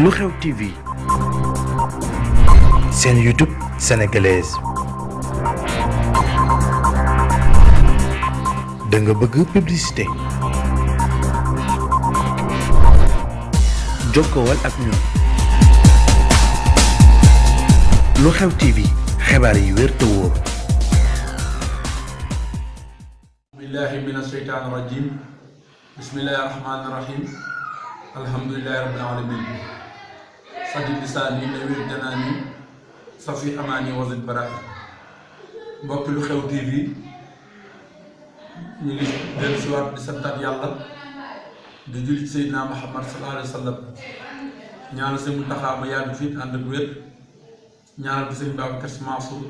lu xew TV seen YouTube sénégalaise da nga bëgg publicité jokkowal ak ñun lu xew TV xibaar yi wér te wóor. billahi min asheytaan rajim bismillahi rahmaani rahim alhamdulilahi alamin sajji lisaani nawir janaani safi amaani wasit baraki mbokki lu xew TV ñu ngi dellu si waat di santaat yàlla di julli ci Seydina Muhammad sallallahu alayhi wa sallam ñaanal sëñ Muntaxa ma yàgg fi ànd ak wér ñaanal ko sëñ Babacar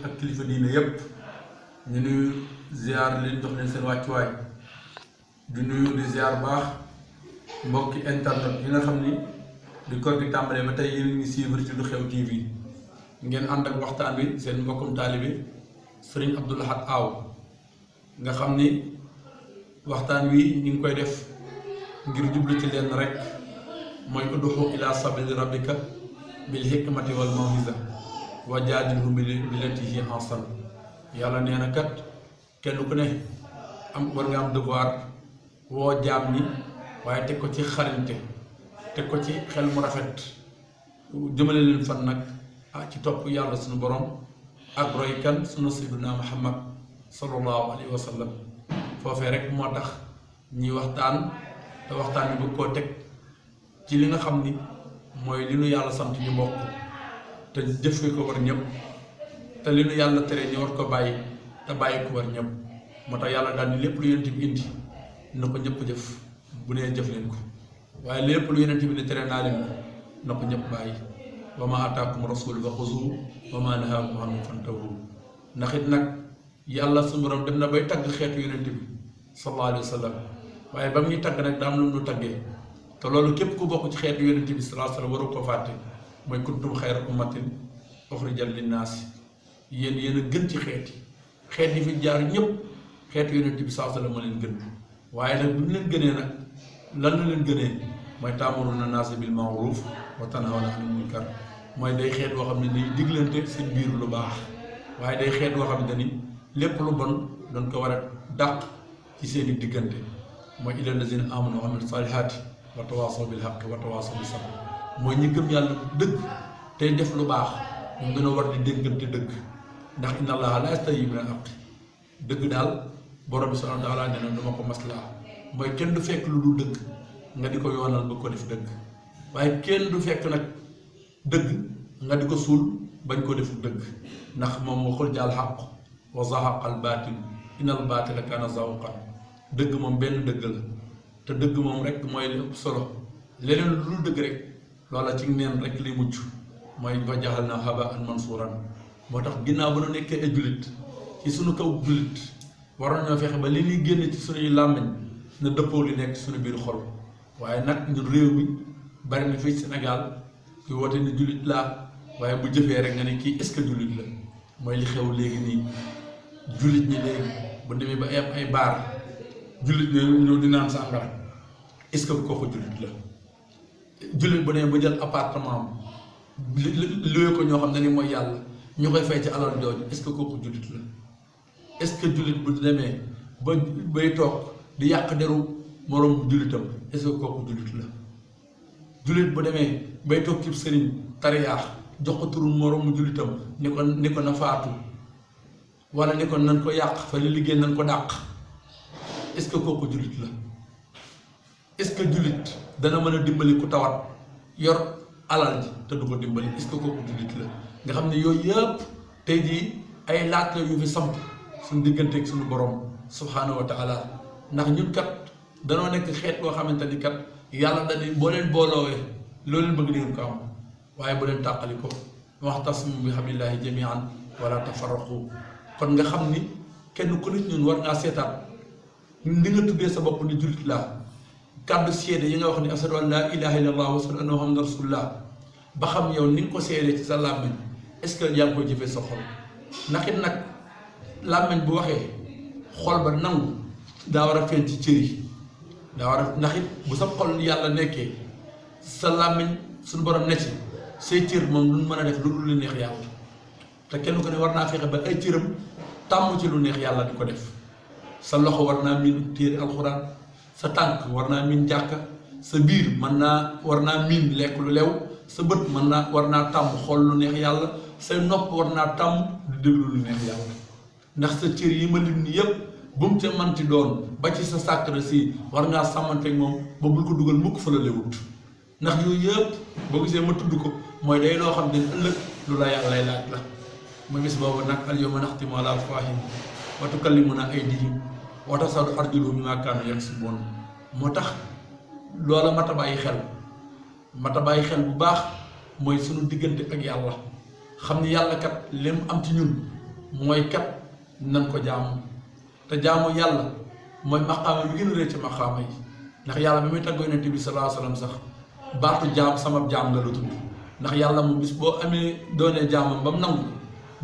ak kilifa diine yépp ñu nuyu ziar leen jox leen seen wàccuwaay di nuyu di ziar baax mbokki internet yi xam ni bi koor gi tàmbalee ba tey yéen a ngi suivre lu xew TV ngeen ànd ak waxtaan wi seen mbokkum taalibe sëriñ Abdou Lahad Aw nga xam ni waxtaan wi ñu ngi koy def ngir jublu ci lenn rekk mooy ud'u ila sabili rabbika bil hikmati wal maw'iza wa jaadilhu billati hiya ahsan yàlla nee kenn ku ne am war nga am devoir woo jaam ñi waaye teg ko ci xarante teg ko ci xel mu rafet jëmale leen fan nag ah ci topp yàlla suñu borom ak roy kan sunu sayyidina Muhammad sallallahu alayhi wa sallam foofee rek moo tax ñuy waxtaan te waxtaan bi bëgg koo teg ci li nga xam ni mooy li nu yàlla sant ñu bokk te jëf ko war ñëpp te li nu yàlla tere ñu war ko bàyyi te bàyyi ko war ñëpp moo tax yàlla daal ni lépp lu yonent bi indi na ko ñëpp jëf bu nee jëf leen ko waaye lépp lu yonent bi ne tere naa leen na ko ñëpp bàyyi wa ma ataakum rasul fa xuzu wa ma nahaakum anhu fantahu ndax it nag yàlla suñu borom dem na bay tagg xeetu yonent bi sallallahu alayhi waaye ba mu ñu tagg nag daam mu taggee te loolu képp ku bokk ci xeetu yonent bi sallallahu alayhi wa sallam waru ko fàtte mooy kuntum xayra ummatin uxrijat linnaas yéen yéen a gën ci xeet yi xeet yi fi jaar ñëpp xeetu yonent bi sallallahu alayhi wa sallam moo leen gën waaye nag bu leen gënee nag lan la leen gënee mooy taamuruna naasa bil ma'ruuf wa tanhawna anil munkar mooy day xeet woo xam ne day diglante seen biir lu baax waaye day xeet woo xam ne ni lépp lu bon doon ko war a dàq ci seeni diggante mooy ilal lazina amanu wa amilu saalihaati wa tawaasaw bil haqqi wa tawaasaw bis mooy ñi gëm yàlla dëgg tey def lu baax moom dañoo war di déggante dëgg ndax inna allaha la yastahi min al dëgg daal borom bi subhaanahu wa taala nee na ko maslaa mooy kenn du fekk lu nga di ko yoonal ba ko def dëgg waaye kenn du fekk nag dëgg nga di ko suul bañ koo def dëgg ndax moom waxul jaal xaq wa zahaqa al baatil inal baatila kaana zahuqan dëgg moom benn dëgg la te dëgg moom rek mooy li solo leneen lu dul dëgg rek loola ci neen rek li mucc mooy fa jaxal na haba an mansuuran moo tax ginnaaw ba nu nekkee ay jullit ci suñu kaw jullit waroon ñoo fexe ba li ñuy génn ci suñuy làmmiñ na dëppoo li nekk suñu biir xol waaye nag ñun réew mi bari na fi senegal ki woote ni jullit laa waaye bu jëfee rek nga ne kii est-ce que jullit la mooy li xew léegi nii jullit ñi léegi bu demee ba am ay baar jullit ñoo ñëw di naan sàngara est-ce que kooku jullit la jullit bu demee ba jël appartement bi luwe ko ñoo xam ne ni mooy yàlla ñu koy fay ci alal jooju est-ce que kooku jullit la est-ce que jullit bu demee ba bay toog di yàq deru moroom jullitam est-ce jullit la jullit bu demee bay toog cib sëriñ tariyaax jox ko turu moroomu jullitam ni ko ni ko na faatu wala ni ko nan ko yàq fa li liggéey nan ko dàq est-ce que kooku jullit la est-ce que jullit dana mën a dimbali ku tawat yor alal ji te du ko dimbali est-ce jullit la nga xam ne yooyu yëpp tey jii ay laaj yu fi samp suñ digganteeg suñu borom subhaanahu wa ndax ñun kat. danoo nekk xeet boo xamante ni kat yàlla da boo leen booloowee loolu leen bëgg di ko am waaye bu leen tàqali ko waxtasimu bi hablillahi jamian wala tafarraqu kon nga xam ni kenn ku nit ñun war ngaa seetaat li sa bopp ni jullit laa kàddu seede yi nga wax ni ashadu an laa ilaha illallah wa ashadu anna muhammadan rasulullah ba xam yow ni ko seedee ci sa làmmiñ est-ce que yaa ngi koy jëfee sa xol ndax it nag làmmiñ bu waxee xol ba nangu daa war a feeñ ci cër yi daa ndax it bu sa xol yàlla nekkee sa làmmiñ suñu borom ne ci say cër moom lu mën a def lu lu neex yàlla te kenn ko ne war naa fexe ba ay cëram tàmm ci lu neex yàlla di ko def sa loxo war naa miin téere alxuraan sa tànk war naa miin jàkka sa biir mën naa war naa miin lekk lu lew sa bët mën naa war naa tàmm xool lu neex yàlla say nopp war naa tàmm di déglu lu neex yàlla ndax sa cër yi ma lim nii yépp bu mu ca manti doon ba ci sa sàkkara si war ngaa sàmmanteeg moom moo bul ko dugal mukk fa la lewut ndax yooyu yëpp boo gisee ma tudd ko mooy day loo xam ne ëllëg lu la yàlla lay laaj la mu gis boobu nag al yawma naxtimu ala afwaahihim wa tukallimunaa aydiihim wa tashhadu arjuluhum bimaa kaanu yaksibuun moo tax loola mat a bàyyi xel mat a bàyyi xel bu baax mooy sunu diggante ak yàlla xam ni yàlla kat li mu am ci ñun mooy kat nan ko jaamu. te jaamu yàlla mooy maqaama bi gën a rëy ci maqaama yi ndax yàlla bi muy tàggoo yonent bi sallallahu alayhi wasallam sax baatu jaam sama jaam nga lu tudd ndax yàlla mu bis boo amee doonee jaamam ba mu nangu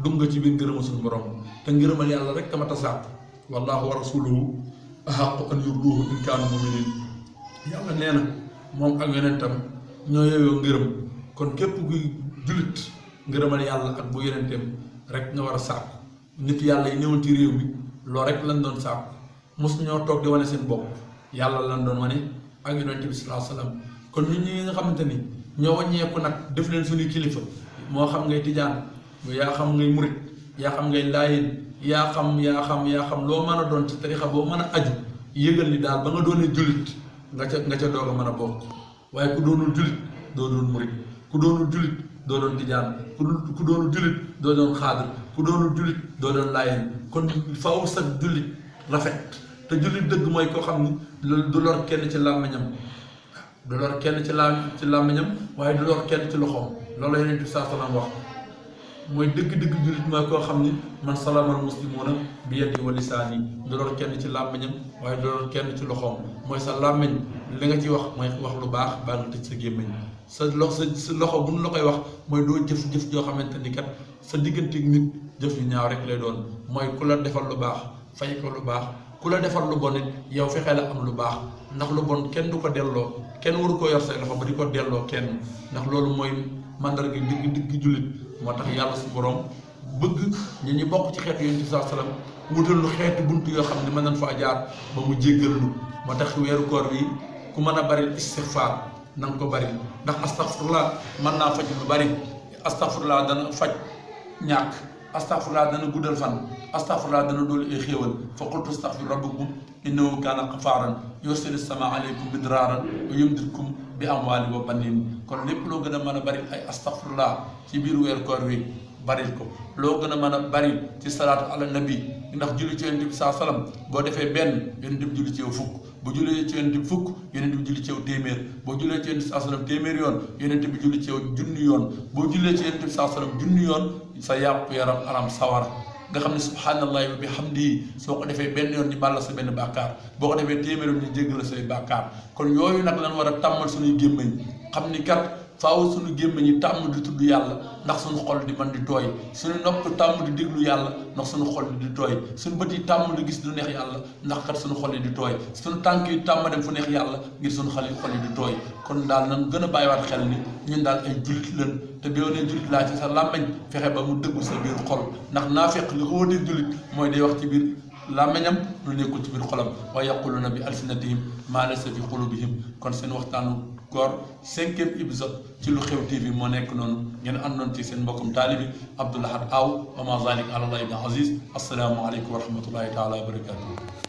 dugg nga ci biir ngërëmal suñu borom te ngërëmal yàlla rek kama tasaat wa rasuluhu ahaqu an yurduhu in kaanu muminin yàlla nee kon képp kuy jullit ngërëmal yàlla ak bu yonenteem rek nga war a sàkku nit yàlla yi néewoon ci réew bi loolu rek lañ doon sàkku mos ñoo toog di wane seen bopp yàlla lañ doon wane ak yonent bi sallallahu alayhi wasallam kon ñun ñi nga xamante ni ñoo wàññeeku nag def leen suñuy kilifa moo xam ngay tijaan yaa xam ngay murit yaa xam ngay laayeen yaa xam yaa xam yaa xam loo mën a doon ci tarixa boo mën a aju yëgal ni daal ba nga doonee jullit nga ca nga ca doog a mën a bokk waaye ku doonul jullit doo doon murit ku doonul jullit doo doon tijaan ku doonul jullit ku doonul jullit doo doon laayeen kon faaw sax jullit rafet te jullit dëgg mooy koo xam ni du lor kenn ci làmmiñam du lor kenn ci la ci làmmiñam waaye du lor kenn ci loxoom loolu yeneen bi mooy dëgg-dëgg jullit mooy koo xam ni man salaamal muslimuna bi yadi wa lisaani kenn ci làmmiñam waaye du kenn ci loxoom mooy sa làmmiñ li nga ci wax mooy wax lu baax baa nga tëj sa gémmiñ sa lox sa loxo bu nu la koy wax mooy doo jëf-jëf joo xamante ni kat sa digganteeg nit jëf yu ñaaw rek lay doon mooy ku la defal lu baax fay ko lu baax ku la defal lu bon it yow fexee la am lu baax ndax lu bon kenn du ko delloo kenn waru koo yor see loxo ba di ko delloo kenn ndax loolu mooy mandarga gi digg digg jullit moo tax yàlla su borom bëgg ñu ñu bokk ci xeetu yonent bi saa salaam wutal lu xeetu buntu yoo xam ne mën nañ faa jaar ba mu jéggal lu moo tax weeru koor wi ku mën a bari istixfaar na nga ko bari ndax astafurlah mën naa faj lu bari astafurlah dana faj ñàkk. astafurlah dana guddal fan astafurlah dana doolu ay xéewal fa qultu astafir rabbakum innahu kaana xafaaran yursili sama aleykum midraaran wa yumdidkum bi amwaali a banin kon lépp loo gën a mën a bari ay astafurlah ci biir weer koor wi baril ko loo gën a mën a bari ci salaatu ala nabi ndax julli ci yonent saa salam boo defee benn yonent bi julli ci yow fukk bu julee ci yonent bi fukk yonent bi julli ci yow téeméer boo julee ci yonent bi saa salaam téeméer yoon yonent bi julli ci yow junni yoon boo julee ci yonent bi saa salaam junni yoon sa yàpp yaram aram sawara nga xam ne subhaanallahi wa bihamdihi soo ko defee benn yoon ñu bàll sa benn bàkkaar boo ko defee téeméer yoon ñu jéggal say bàkkaar kon yooyu nag lan war a tàmmal suñuy gémmañ xam ni kat faaw suñu gémmiñ ñi tàmm di tudd yàlla ndax suñu xol di man di tooy suñu nopp tàmm di déglu yàlla ndax suñu xol di tooy suñu bët yi tàmm di gis lu neex yàlla ndax kat suñu xol di tooy suñu tànk yi tàmm dem fu neex yàlla ngir suñu xol yi xol di tooy kon daal nan gën a bàyyiwaat xel ni ñun daal ay jullit lañ te boo nee jullit laa ci sa làmmeñ fexe ba mu dëggu sa biir xol ndax naafeq li ko wóotee jullit mooy day wax ci biir làmmeñam lu nekkul ci biir xolam wa yaquluna bi alsinatihim maa laysa fi qulubihim kon seen waxtaanu gor cinquième épisode ci lu xew TV moo nekk noonu ngeen àndoon ci seen mbokkum taalibi Abdoul Ahad Aw wa ma zalik ala llahi bi aziz assalaamu aleykum wa rahmatullahi taala wa barakatuh